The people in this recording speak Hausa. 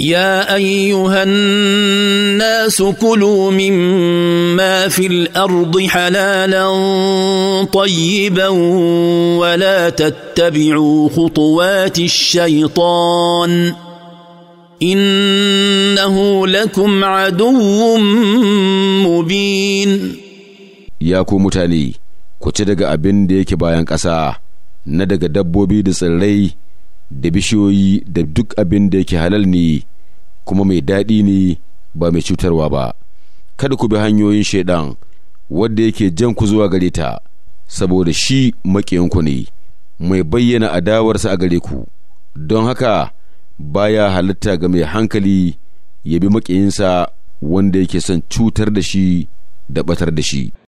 يا ايها الناس كلوا مما في الارض حلالا طيبا ولا تتبعوا خطوات الشيطان انه لكم عدو مبين يا ku mutane ku ci daga abin da yake bayan ƙasa na daga dabbobi da tsirrai da bishiyoyi da duk abin da yake halal ne kuma mai daɗi ne ba mai cutarwa ba kada ku bi hanyoyin shaidan wadda yake jan ku zuwa gare ta saboda shi maƙiyanku ne mai bayyana adawarsa a gare ku don haka baya halitta ga mai hankali ya bi maƙiyinsa wanda yake son cutar da shi da ɓatar da shi